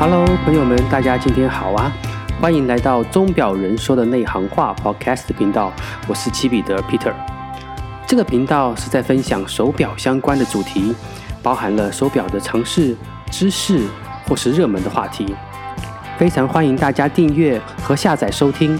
Hello，朋友們，大家今天好啊！歡迎來到鐘錶人說的內行話 Podcast 頻道，我是齊彼得 Peter。這個頻道是在分享手表相關的主題，包含了手表的常識、知識或是熱門的話題。非常歡迎大家訂閱和下載收聽。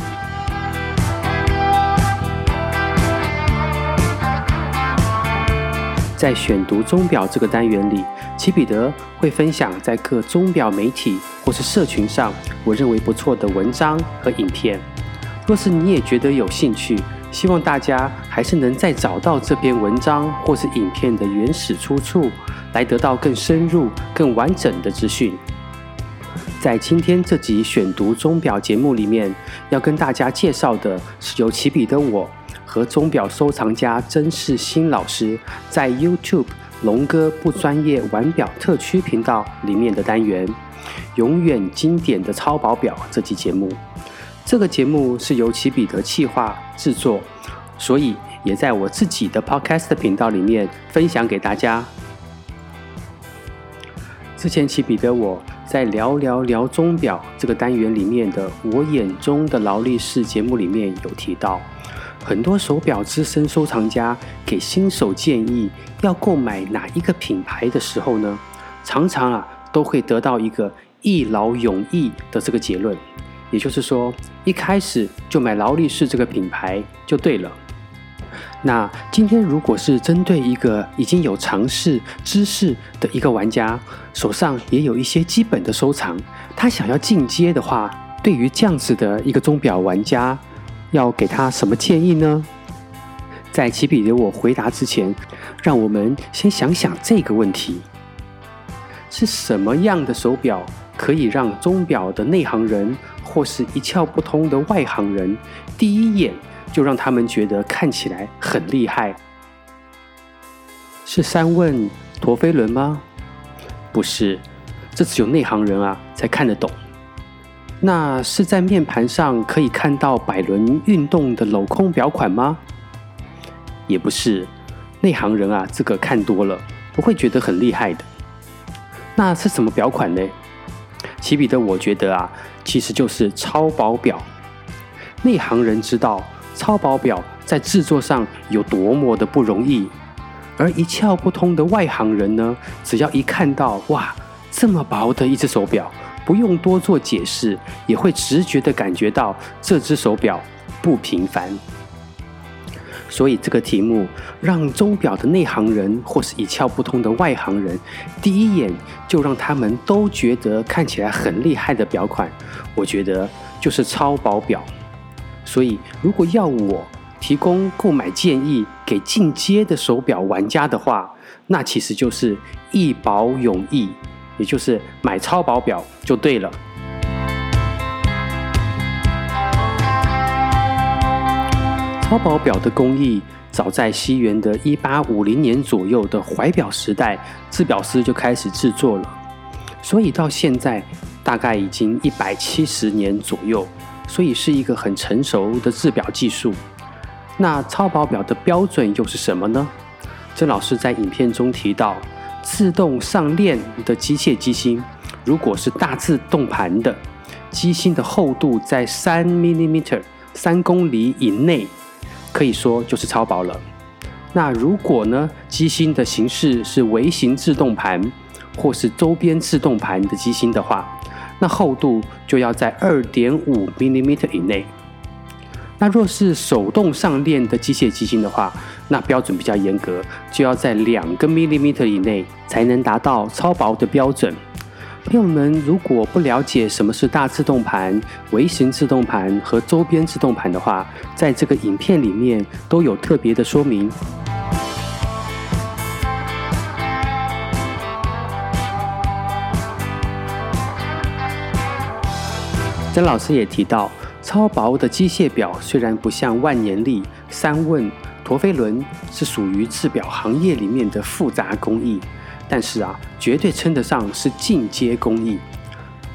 在選讀鐘錶這個單元裡，齊彼得會分享在各鐘錶媒體或是社群上我認為不錯的文章和影片。若是你也覺得有興趣，希望大家還是能再找到這篇文章或是影片的原始出處，來得到更深入、更完整的資訊。在今天這集選讀鐘錶節目裡面，要跟大家介紹的是由齊彼得我和鐘錶收藏家曾士昕老師在 YouTube 龍哥不專業玩表特區頻道裡面的單元“永遠經典的超薄錶”這期節目。這個節目是由齊彼得企劃製作，所以也在我自己的 Podcast 頻道裡面分享給大家。之前齊彼得我在聊聊聊鐘錶這個單元裡面的“我眼中的勞力士”節目裡面有提到。很多手錶資深收藏家，給新手建議要購買哪一個品牌的時候呢，常常啊都會得到一個一勞永逸的這個結論，也就是說，一開始就買勞力士這個品牌就對了。那今天如果是針對一個已經有常識知識的一個玩家，手上也有一些基本的收藏，他想要進階的話，對於這樣子的一個鐘錶玩家，要給他什麼建議呢？在齊彼得給我回答之前，讓我們先想想這個問題：是什麼樣的手表可以讓鐘表的內行人或是一竅不通的外行人，第一眼就讓他們覺得看起來很厲害？嗯、是三問陀飛輪嗎？不是，這只有內行人啊才看得懂。那是在面盤上可以看到擺輪運動的鏤空錶款嗎？也不是，內行人啊，這個看多了不會覺得很厲害的。那是什麼錶款呢？齊彼得我覺得啊，其實就是超薄錶。內行人知道超薄錶在製作上有多麼的不容易，而一竅不通的外行人呢，只要一看到哇，這麼薄的一只手錶。不用多做解釋，也會直覺地感覺到這隻手表不平凡。所以這個題目讓鐘錶的內行人或是一竅不通的外行人，第一眼就讓他們都覺得看起來很厲害的表款，我覺得就是超薄表。所以如果要我提供購買建議給進階的手表玩家的話，那其實就是一薄永逸。也就是買超薄錶就對了。超薄錶的工藝，早在西元的一八五零年左右的懷錶時代，製錶師就開始制作了。所以到現在大概已經一百七十年左右，所以是一個很成熟的製錶技術。那超薄錶的標準又是什麼呢？曾老師在影片中提到。自動上鏈的機械機芯，如果是大自動盤的，機芯的厚度在三毫米、三公厘以內，可以說就是超薄了。那如果呢，機芯的形式是微型自動盤，或是周邊自動盤的機芯的話，那厚度就要在二點五毫米以內。那若是手動上鏈的機械機芯的話，那標準比較嚴格，就要在兩個毫米以內。才能達到超薄的標準。朋友們，如果不了解什麼是大自動盤、微型自動盤和周邊自動盤的話，在這個影片裡面都有特別的說明。曾老師也提到，超薄的機械表雖然不像萬年歷、三問、陀飛輪，是屬於制表行業裡面的複雜工藝。但是啊，絕對稱得上是進階工藝。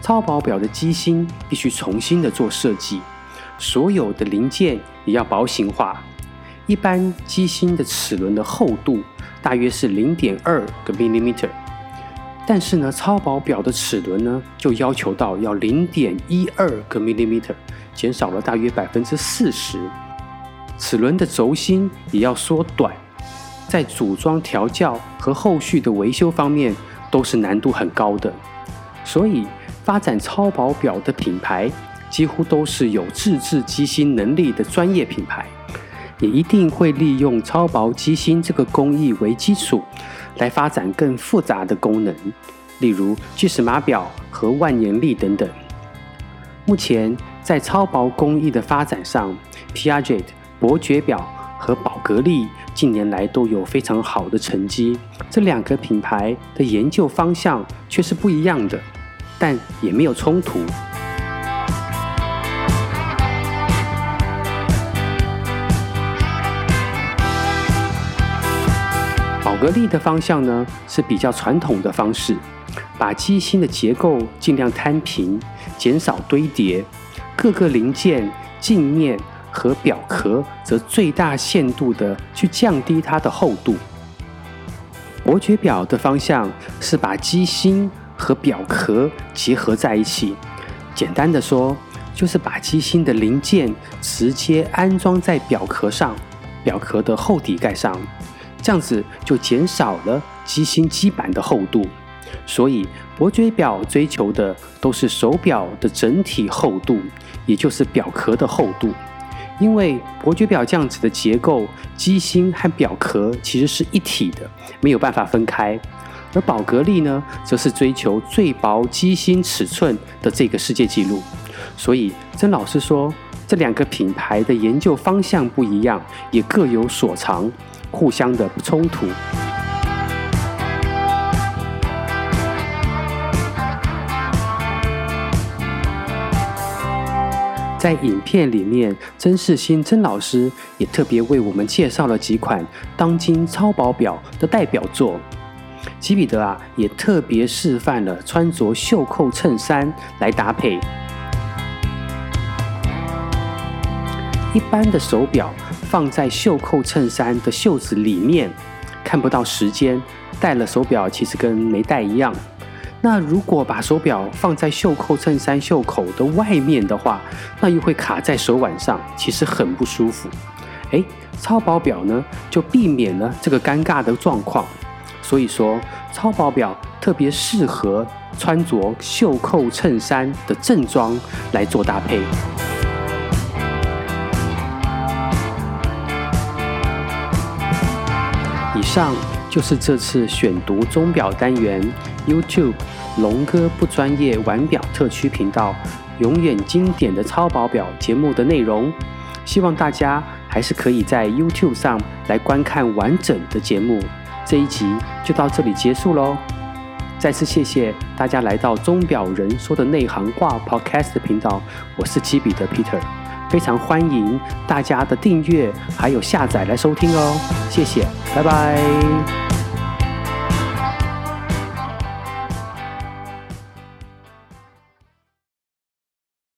超薄表的機芯必須重新的做設計，所有的零件也要薄型化。一般機芯的齒輪的厚度大約是零點二個 millimeter，但是呢，超薄表的齒輪呢就要求到要零點一二個 millimeter，減少了大約百分之四十。齒輪的軸心也要縮短。在組裝、調校和後續的維修方面，都是難度很高的。所以，發展超薄表的品牌，幾乎都是有自制機芯能力的專業品牌，也一定會利用超薄機芯這個工藝為基礎，來發展更複雜的功能，例如計時碼表和萬年曆等等。目前，在超薄工藝的發展上，Piaget 伯爵表和寶格麗。近年來都有非常好的成績，這兩個品牌的研究方向卻是不一樣的，但也沒有衝突。寶格麗的方向呢是比較傳統的方式，把機芯的結構盡量攤平，減少堆疊，各個零件鏡面。和表殼則最大限度地去降低它的厚度。伯爵表的方向是把機芯和表殼結合在一起，簡單的說就是把機芯的零件直接安裝在表殼上，表殼的後底蓋上，這樣子就減少了機芯基板的厚度。所以，伯爵表追求的都是手表的整體厚度，也就是表殼的厚度。因為伯爵錶這樣子的結構，機芯和錶殼其實是一體的，沒有辦法分開。而寶格麗呢，則是追求最薄機芯尺寸的這個世界紀錄。所以，曾老師說，這兩個品牌的研究方向不一樣，也各有所長，互相的不衝突。在影片裡面，曾士昕曾老師也特別為我們介紹了幾款當今超薄錶的代表作。齊彼得啊，也特別示範了穿着袖扣襯衫來搭配。一般的手錶放在袖扣襯衫的袖子裡面，看不到時間。戴了手錶其實跟沒戴一樣。那如果把手錶放在袖扣襯衫袖口的外面的話，那又會卡在手腕上，其實很不舒服。哎，超薄表呢，就避免了這個尷尬的狀況，所以說超薄表特別適合穿着袖扣襯衫、衫的正裝來做搭配。以上就是這次選讀鐘錶單元。YouTube 龍哥不專業玩錶特區頻道，永遠經典的超薄錶節目的內容，希望大家還是可以在 YouTube 上來觀看完整的節目。這一集就到這裡結束嘍，再次謝謝大家來到鐘錶人說的內行話 Podcast 頻道，我是齊彼得 Peter，非常歡迎大家的訂閱還有下載來收聽哦，謝謝，拜拜。